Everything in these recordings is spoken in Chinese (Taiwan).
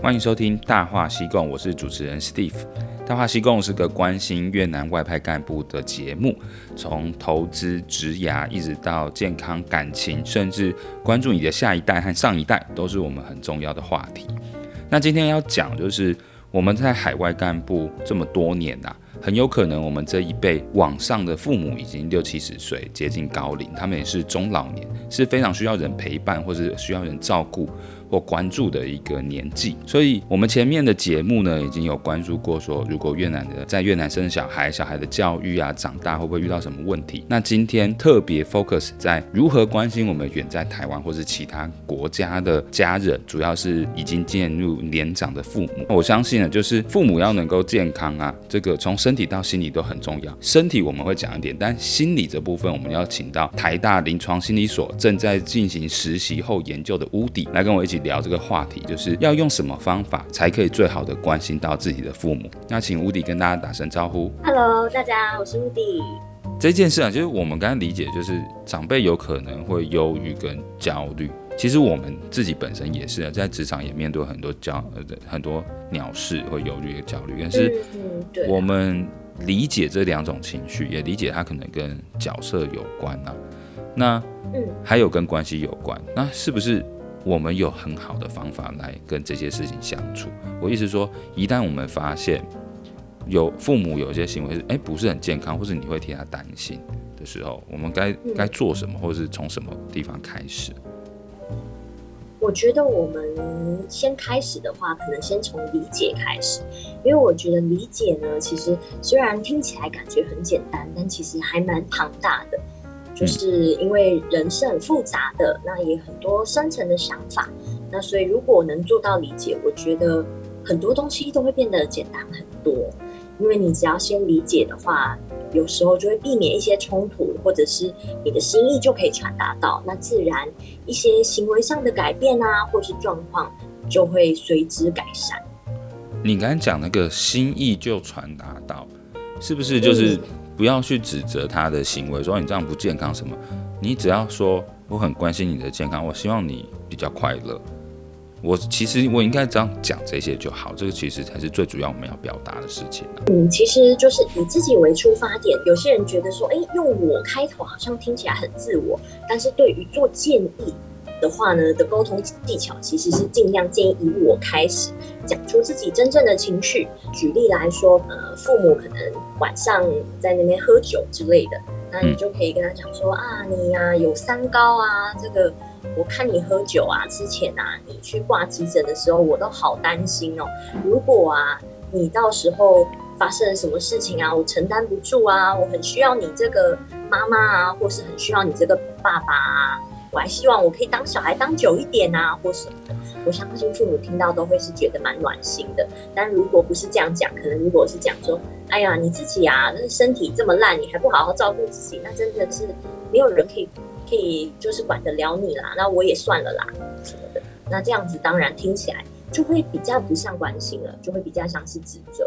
歡迎收聽《大話西貢》，我是主持人 Steve。《大話西貢》是個關心越南外派幹部的節目，從投資、職涯，一直到健康、感情，甚至關注你的下一代和上一代，都是我們很重要的話題。那今天要講，就是我們在海外幹部這麼多年吶、啊，很有可能我們這一輩往上的父母已經六七十歲，接近高齡，他們也是中老年，是非常需要人陪伴或者需要人照顧。或關注的一個年紀，所以我們前面的節目呢，已經有關注過說，如果越南的在越南生小孩，小孩的教育啊，長大會不會遇到什麼問題？那今天特別 focus 在如何關心我們遠在台灣或是其他國家的家人，主要是已經進入年長的父母。我相信呢，就是父母要能夠健康啊，這個從身體到心理都很重要。身體我們會講一點，但心理這部分，我們要請到台大臨床心理所正在進行實習後研究的 Woody 來跟我一起。聊這個話題，就是要用什麼方法才可以最好的關心到自己的父母？那請 Woody 跟大家打聲招呼。Hello，大家，我是 Woody。這件事啊，就是我們剛才理解，就是長輩有可能會憂鬱跟焦慮。其實我們自己本身也是啊，在職場也面對很多焦呃很多鳥事會憂慮跟焦慮，但是嗯。嗯對、啊、我們理解這兩種情緒，也理解他可能跟角色有關啊。那嗯，還有跟關係有關，那是不是？我們有很好的方法來跟這些事情相處。我意思說，一旦我們發現有父母有一些行為是哎不是很健康，或是你會替他擔心的時候，我們該該做什麼，或是從什麼地方開始？我覺得我們先開始的話，可能先從理解開始，因為我覺得理解呢，其實雖然聽起來感覺很簡單，但其實還蠻龐大的。就是因為人是很複雜的，那也很多深層的想法，那所以如果能做到理解，我覺得很多東西都會變得簡單很多。因為你只要先理解的話，有時候就會避免一些衝突，或者是你的心意就可以傳達到，那自然一些行為上的改變啊，或是狀況就會隨之改善。你剛才講那個心意就傳達到，是不是就是？嗯不要去指責他的行為，說你這樣不健康什麼。你只要說我很關心你的健康，我希望你比較快樂。我其實我應該這樣講這些就好，這個其實才是最主要我們要表達的事情。嗯，其實就是以自己為出發點。有些人覺得說，誒、欸，用我開頭好像聽起來很自我，但是對於做建議。的話呢，的溝通技巧其實是盡量建議以我開始講出自己真正的情緒。舉例來說，呃，父母可能晚上在那邊喝酒之類的，那你就可以跟他講說啊，你呀有三高啊，這個我看你喝酒啊，之前啊你去掛急診的時候我都好擔心哦。如果啊你到時候發生了什麼事情啊，我承擔不住啊，我很需要你這個媽媽啊，或是很需要你這個爸爸啊。我還希望我可以當小孩當久一點啊，或什麼的。我相信父母聽到都會是覺得蠻暖心的。但如果不是這樣講，可能如果是講說，哎呀，你自己啊，那身體這麼爛，你還不好好照顧自己，那真的是沒有人可以可以就是管得了你啦。那我也算了啦，什麼的。那這樣子當然聽起來就會比較不像關心了，就會比較像是指責。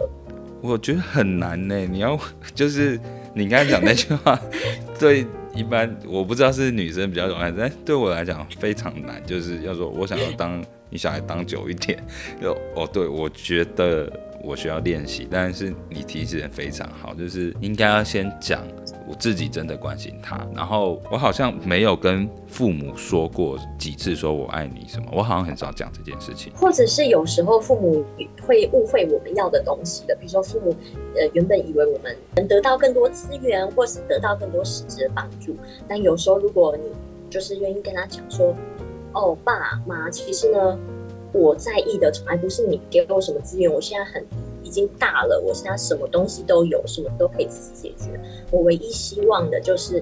我覺得很難呢、欸，你要就是你剛才講那句話， 對。一般我不知道是女生比較容易，但對我來講非常難，就是要說，我想要當你小孩當久一點，就哦，對，我覺得我需要練習，但是你提醒的非常好，就是應該要先講。我自己真的關心他，然後我好像沒有跟父母說過幾次說我愛你什麼，我好像很少講這件事情。或者是有時候父母會誤會我們要的東西的，比如說父母呃原本以為我們能得到更多資源，或是得到更多實質的幫助，但有時候如果你就是願意跟他講說，哦爸媽，其實呢我在意的從來不是你給我什麼資源，我現在很已經大了，我現在什麼東西都有，什麼都可以自己解決。我唯一希望的就是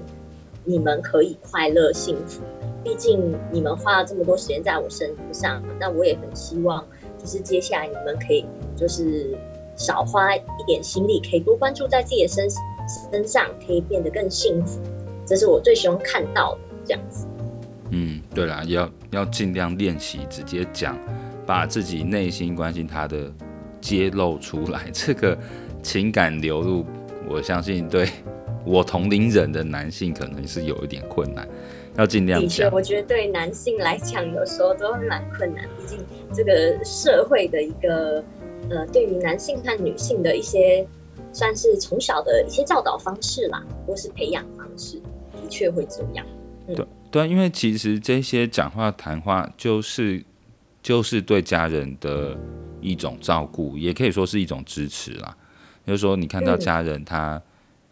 你們可以快樂幸福。畢竟你們花了這麼多時間在我身上，那我也很希望，就是接下來你們可以就是少花一點心力，可以多關注在自己的身身上，可以變得更幸福。這是我最希望看到的，這樣子。嗯，對啦，要要盡量練習直接講，把自己內心關心他的。揭露出來這個情感流露，我相信對我同齡人的男性可能是有一點困難，要盡量。的確，我覺得對男性來講，有時候都蠻困難。畢竟這個社會的一個呃，對於男性和女性的一些算是從小的一些教導方式啦，或是培養方式，的確會這樣。嗯、對對、啊，因為其實這些講話談話，就是就是對家人的、嗯。一種照顧，也可以說是一種支持啦。就是說，你看到家人他、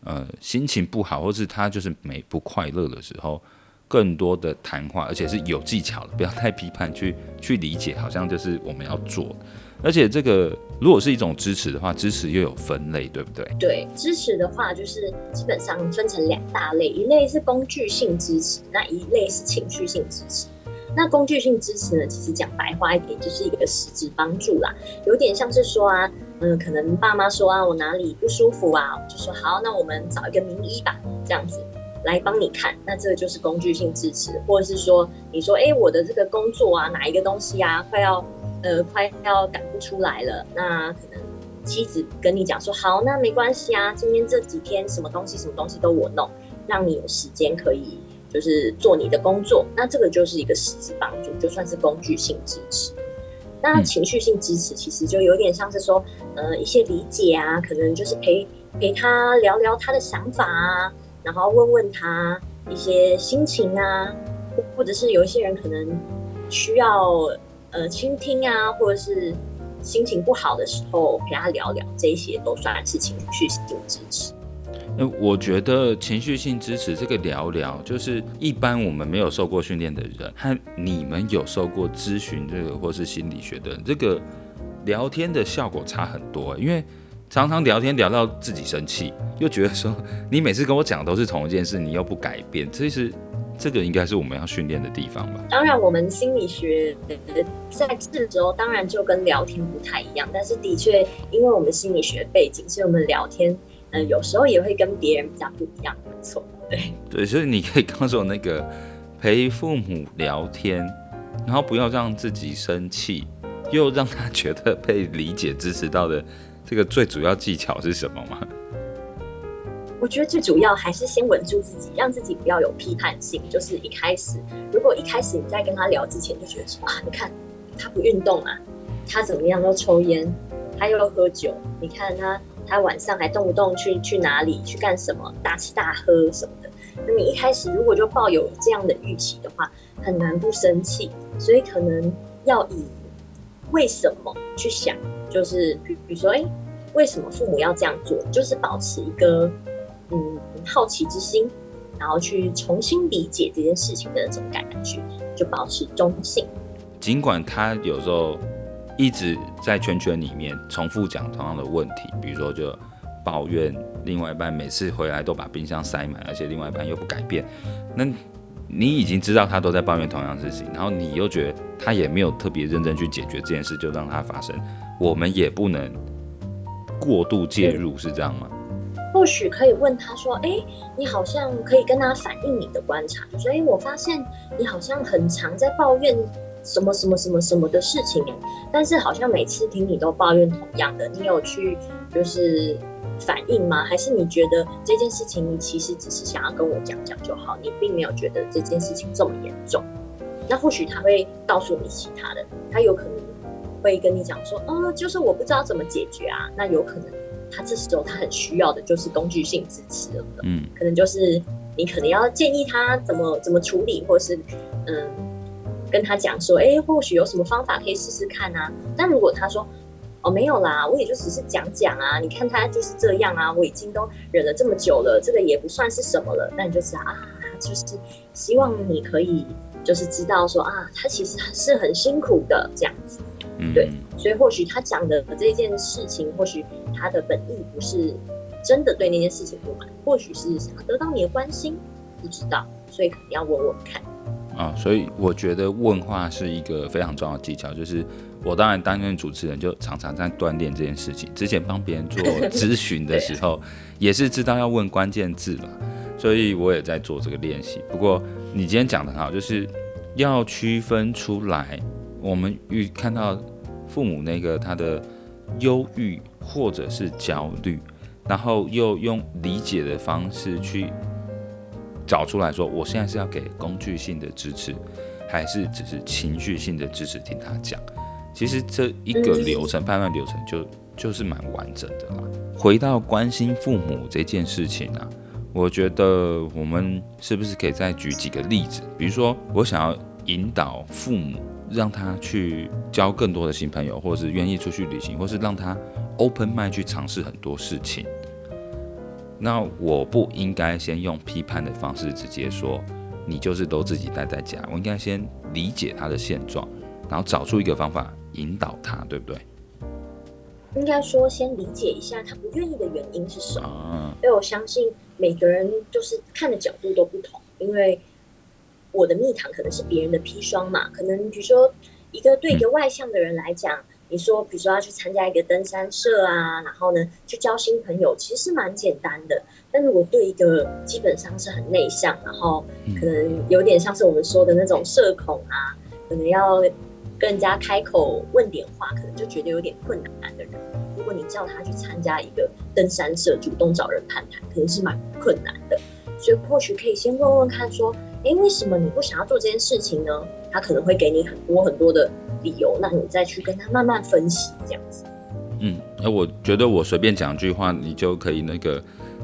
嗯、呃心情不好，或是他就是沒不快樂的時候，更多的談話，而且是有技巧的，不要太批判，去去理解，好像就是我們要做。而且這個如果是一種支持的話，支持又有分類，對不對？對，支持的話就是基本上分成兩大類，一類是工具性支持，那一類是情緒性支持。那工具性支持呢？其實講白話一點，就是一個實質幫助啦，有點像是說啊，嗯、呃，可能爸媽說啊，我哪裡不舒服啊，就說好，那我們找一個名醫吧，這樣子來幫你看。那這個就是工具性支持，或者是說，你說，哎，我的這個工作啊，哪一個東西啊，快要，呃，快要趕不出來了，那可能妻子跟你講說，好，那沒關係啊，今天這幾天什麼東西，什麼東西都我弄，讓你有時間可以。就是做你的工作，那這個就是一個實質幫助，就算是工具性支持。那情緒性支持其實就有點像是說，呃，一些理解啊，可能就是陪陪他，聊聊他的想法啊，然後問問他一些心情啊，或者是有一些人可能需要呃傾聽啊，或者是心情不好的時候陪他聊聊，這一些都算是情緒性支持。我覺得情緒性支持這個聊聊，就是一般我們沒有受過訓練的人，和你們有受過諮詢這個或是心理學的人，這個聊天的效果差很多，欸。因為常常聊天聊到自己生氣，又覺得說你每次跟我講都是同一件事，你又不改變，其實這個應該是我們要訓練的地方吧？當然，我們心理學在這時候，當然就跟聊天不太一樣。但是的確，因為我們心理學背景，所以我們聊天。嗯，有時候也會跟別人比較不一樣，沒錯，對，對，所以你可以告訴我那個陪父母聊天，然後不要讓自己生氣，又讓他覺得被理解、支持到的這個最主要技巧是什麼嗎？我覺得最主要還是先穩住自己，讓自己不要有批判性。就是一開始，如果一開始你在跟他聊之前就覺得說啊，你看他不運動啊，他怎麼樣要抽菸，他又要喝酒，你看他。他晚上還動不動去去哪裡去幹什麼大吃大喝什麼的，那你一開始如果就抱有這樣的預期的話，很難不生氣。所以可能要以為什麼去想，就是比如說，誒、欸，為什麼父母要這樣做？就是保持一個嗯好奇之心，然後去重新理解這件事情的那種感覺，就保持中性。儘管他有時候，一直在圈圈裡面重複講同樣的問題，比如說就抱怨另外一半每次回來都把冰箱塞滿，而且另外一半又不改變。那你已經知道他都在抱怨同樣的事情，然後你又覺得他也沒有特別認真去解決這件事，就讓他發生。我們也不能過度介入，是這樣嗎？或許、嗯、可以問他說：“誒、欸，你好像可以跟他反映你的觀察，所以我發現你好像很常在抱怨。”什麼什麼什麼什麼的事情耶，但是好像每次聽你都抱怨同樣的，你有去就是反應嗎？還是你覺得這件事情你其實只是想要跟我講講就好，你並沒有覺得這件事情這麼嚴重？那或許他會告訴你其他的，他有可能會跟你講說，哦、呃，就是我不知道怎麼解決啊。那有可能他這時候他很需要的就是工具性支持對不對？嗯，可能就是你可能要建議他怎麼怎麼處理，或是嗯。呃跟他講說，哎，或許有什麼方法可以試試看啊？但如果他說，哦，沒有啦，我也就只是講講啊，你看他就是這樣啊，我已經都忍了這麼久了，這個也不算是什麼了。那你就知道啊，就是希望你可以就是知道說啊，他其實是很辛苦的這樣子。對，所以或許他講的這件事情，或許他的本意不是真的對那件事情不滿，或許是想要得到你的關心，不知道，所以可能要問問看。啊、哦，所以我覺得問話是一個非常重要的技巧，就是我當然擔任主持人就常常在鍛鍊這件事情。之前幫別人做諮詢的時候， 也是知道要問關鍵字了。所以我也在做這個練習。不過你今天講得很好，就是要區分出來，我們遇，看到父母那個他的憂鬱或者是焦慮，然後又用理解的方式去，找出來說，我現在是要給工具性的支持，還是只是情緒性的支持？聽他講，其實這一個流程，判斷流程就就是蠻完整的啦。回到關心父母這件事情啊，我覺得我們是不是可以再舉幾個例子？比如說，我想要引導父母，讓他去交更多的新朋友，或是願意出去旅行，或是讓他 open mind 去嘗試很多事情。那我不應該先用批判的方式直接說，你就是都自己待在家。我應該先理解他的現狀，然後找出一個方法引導他，對不對？應該說先理解一下他不願意的原因是什麼。啊、因為我相信每個人就是看的角度都不同，因為我的蜜糖可能是別人的砒霜嘛。可能比如說，一個對一個外向的人來講。嗯你說，比如說要去參加一個登山社啊，然後呢去交新朋友，其實是蠻簡單的。但如果對一個基本上是很內向，然後可能有點像是我們說的那種社恐啊，可能要跟人家開口問點話，可能就覺得有點困難的人，如果你叫他去參加一個登山社，主動找人攀談，可能是蠻困難的。所以或許可以先問問看，說，誒，為什麼你不想要做這件事情呢？他可能會給你很多很多的。理由，那你再去跟他慢慢分析，這樣子。嗯，那我覺得我隨便講一句話，你就可以那個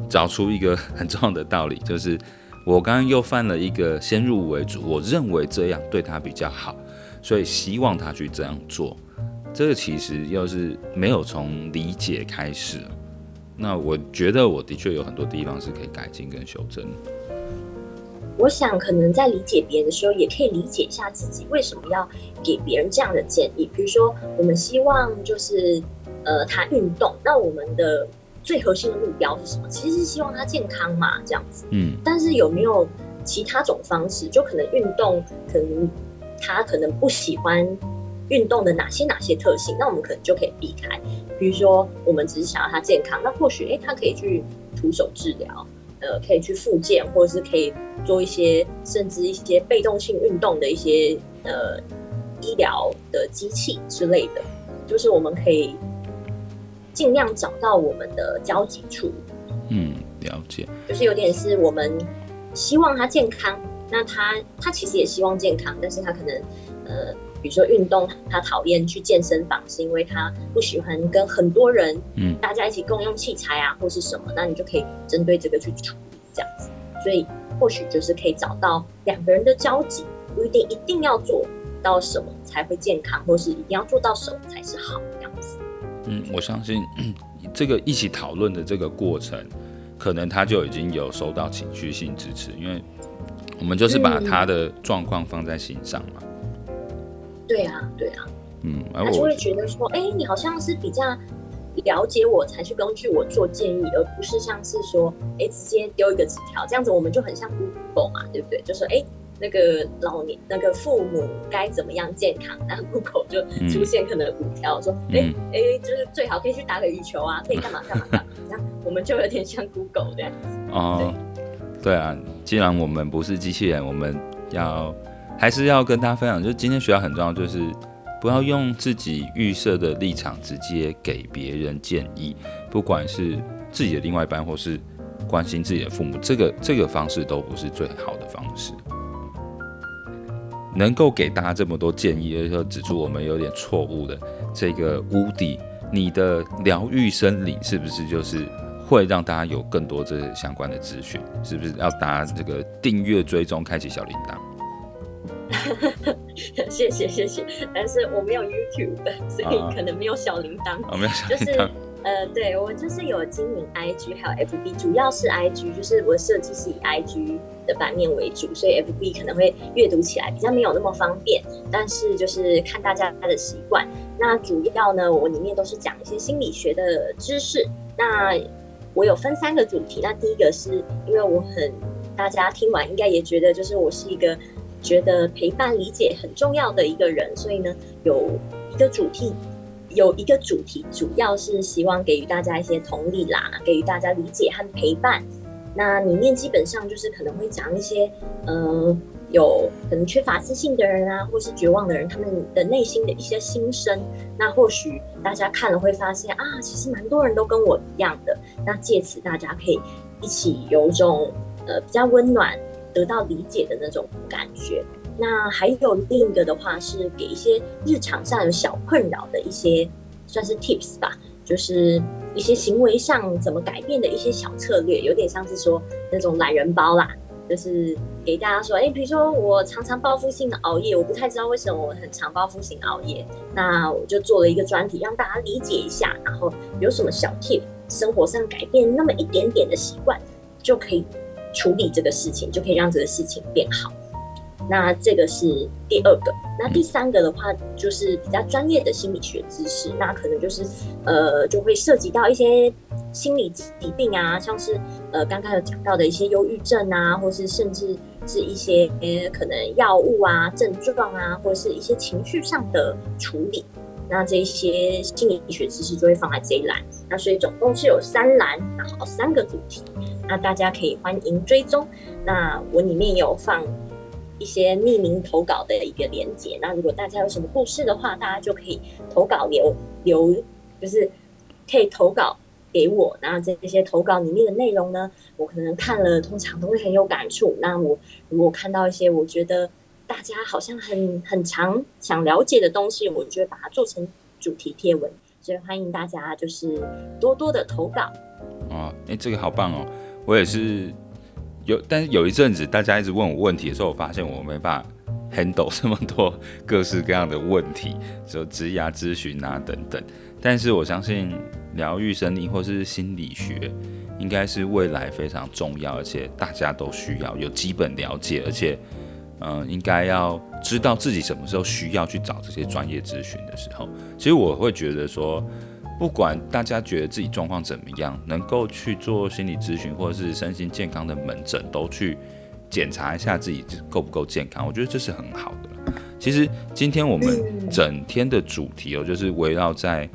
找出一個很重要的道理，就是我剛剛又犯了一個先入為主，我認為這樣對他比較好，所以希望他去這樣做。這個其實又是沒有從理解開始，那我覺得我的確有很多地方是可以改進跟修正。我想，可能在理解別人的時候，也可以理解一下自己為什麼要給別人這樣的建議。比如說，我們希望就是，呃，他運動，那我們的最核心的目標是什麼？其實是希望他健康嘛，這樣子。嗯。但是有沒有其他種方式？就可能運動，可能他可能不喜歡運動的哪些哪些特性，那我們可能就可以避開。比如說，我們只是想要他健康，那或許哎、欸，他可以去徒手治療。呃，可以去復健，或者是可以做一些，甚至一些被動性運動的一些呃醫療的機器之類的，就是我們可以盡量找到我們的交集處。嗯，了解。就是有點是我們希望他健康，那他他其實也希望健康，但是他可能呃。比如說運動，他討厭去健身房，是因為他不喜歡跟很多人，嗯，大家一起共用器材啊，或是什麼，那你就可以針對這個去處理這樣子。所以或許就是可以找到兩個人的交集，不一定一定要做到什麼才會健康，或是一定要做到什麼才是好的樣子。嗯，我相信這個一起討論的這個過程，可能他就已經有收到情緒性支持，因為我們就是把他的狀況放在心上嘛。嗯對啊，對啊，嗯，他就會覺得說，我哎，你好像是比較了解我，才去根據我做建議，而不是像是說，哎，直接丟一個紙條，這樣子我們就很像 Google 嘛，對不對？就說，哎，那個老年那個父母該怎麼樣健康，那 Google 就出現可能五條、嗯、說、哎、嗯、哎，就是最好可以去打個羽球啊，可以幹嘛、嗯、幹嘛幹嘛 我們就有點像 Google 這樣子。哦，對，對啊，既然我們不是機器人，我們要。還是要跟大家分享，就今天學校很重要，就是不要用自己預設的立場直接給別人建議，不管是自己的另外一半，或是關心自己的父母，這個這個方式都不是最好的方式。能夠給大家這麼多建議，而且指出我們有點錯誤的這個 Woody，你的療癒森林是不是就是會讓大家有更多這相關的資訊？是不是要大家這個訂閱追蹤，開啟小鈴鐺？ 謝謝謝謝，但是我沒有 YouTube，所以可能沒有小鈴鐺。Uh, 就沒、是、呃， 對，我就是有經營 IG，還有 FB，主要是 IG，就是我的設計是以 IG 的版面為主，所以 FB 可能會閱讀起來比較沒有那麼方便。但是就是看大家的習慣。那主要呢，我裡面都是講一些心理學的知識。那我有分三個主題。那第一個是因為我很大家聽完應該也覺得，就是我是一個。覺得陪伴理解很重要的一個人，所以呢，有一個主題，有一個主題，主要是希望給予大家一些同理啦，給予大家理解和陪伴。那裡面基本上就是可能會講一些，呃，有可能缺乏自信的人啊，或是絕望的人，他們的內心的一些心聲。那或許大家看了會發現啊，其實蠻多人都跟我一樣的。那借此大家可以一起有一種，呃，比較溫暖。得到理解的那種感覺。那還有另一個的話，是給一些日常上有小困擾的一些，算是 tips 吧，就是一些行為上怎麼改變的一些小策略，有點像是說那種懶人包啦，就是給大家說，誒，比如說我常常報復性的熬夜，我不太知道為什麼我很常報復性熬夜，那我就做了一個專題讓大家理解一下，然後有什麼小 tip，生活上改變那麼一點點的習慣就可以。處理這個事情就可以讓這個事情變好。那這個是第二個。那第三個的話，就是比較專業的心理學知識。那可能就是呃，就會涉及到一些心理疾病啊，像是呃，剛剛有講到的一些憂鬱症啊，或是甚至是一些、呃、可能藥物啊、症狀啊，或者是一些情緒上的處理。那這一些心理學知識就會放在這一欄。那所以總共是有三欄，然後三個主題。那大家可以歡迎追蹤，那我裡面有放一些匿名投稿的一個連接。那如果大家有什麼故事的話，大家就可以投稿留留，就是可以投稿給我。那這些投稿裡面的內容呢，我可能看了，通常都會很有感觸。那我如果看到一些我覺得大家好像很很常想了解的東西，我就會把它做成主題貼文，所以歡迎大家就是多多的投稿。哦，誒、欸，這個好棒哦！我也是有，但是有一陣子大家一直問我問題的時候，我發現我沒法 handle 這麼多各式各樣的問題，就職涯諮詢啊，啊等等。但是我相信療癒森林或是心理學應該是未來非常重要，而且大家都需要有基本了解，而且嗯、呃，應該要知道自己什麼時候需要去找這些專業諮詢的時候。其實我會覺得說。不管大家覺得自己狀況怎麼樣，能夠去做心理諮詢或者是身心健康的門診，都去檢查一下自己夠不夠健康。我覺得這是很好的。其實今天我們整天的主題哦，就是圍繞在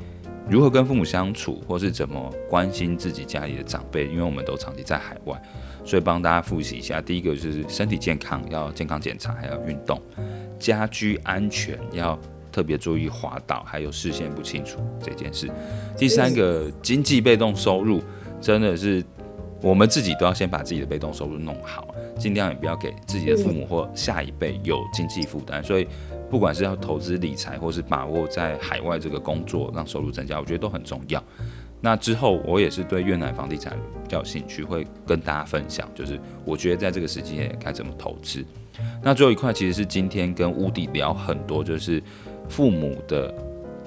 如何跟父母相處，或是怎麼關心自己家裡的長輩。因為我們都長期在海外，所以幫大家複習一下：第一個就是身體健康，要健康檢查，還要運動；家居安全要。特別注意滑倒，還有視線不清楚這件事。第三個，經濟被動收入真的是我們自己都要先把自己的被動收入弄好，盡量也不要給自己的父母或下一輩有經濟負擔。所以，不管是要投資理財，或是把握在海外這個工作讓收入增加，我覺得都很重要。那之後我也是對越南房地產比較有興趣，會跟大家分享，就是我覺得在這個時間該怎麼投資。那最後一塊其實是今天跟 Woody 聊很多，就是。父母的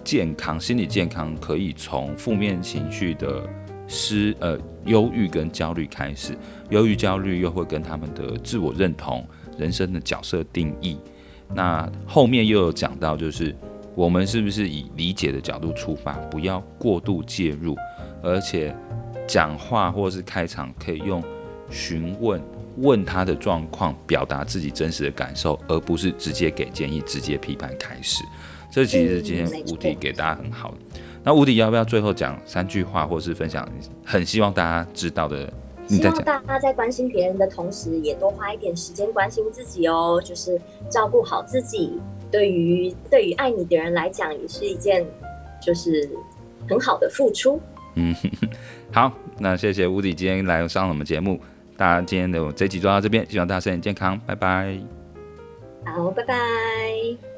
健康，心理健康可以從負面情緒的失呃憂鬱跟焦慮開始，憂鬱焦慮又會跟他們的自我認同、人生的角色定義。那後面又有講到，就是我們是不是以理解的角度出發，不要過度介入，而且講話或是開場可以用詢問，問他的狀況，表達自己真實的感受，而不是直接給建議，直接批判開始。這其實是今天 Woody 給大家很好的。嗯、那 Woody 要不要最後講三句話，或是分享很希望大家知道的你在講？希望大家在關心別人的同時，也多花一點時間關心自己哦，就是照顧好自己。對於對於愛你的人來講，也是一件就是很好的付出。嗯，好，那謝謝 Woody 今天來上我們節目。大家今天的這集就到這邊，希望大家身體健康，拜拜。好，拜拜。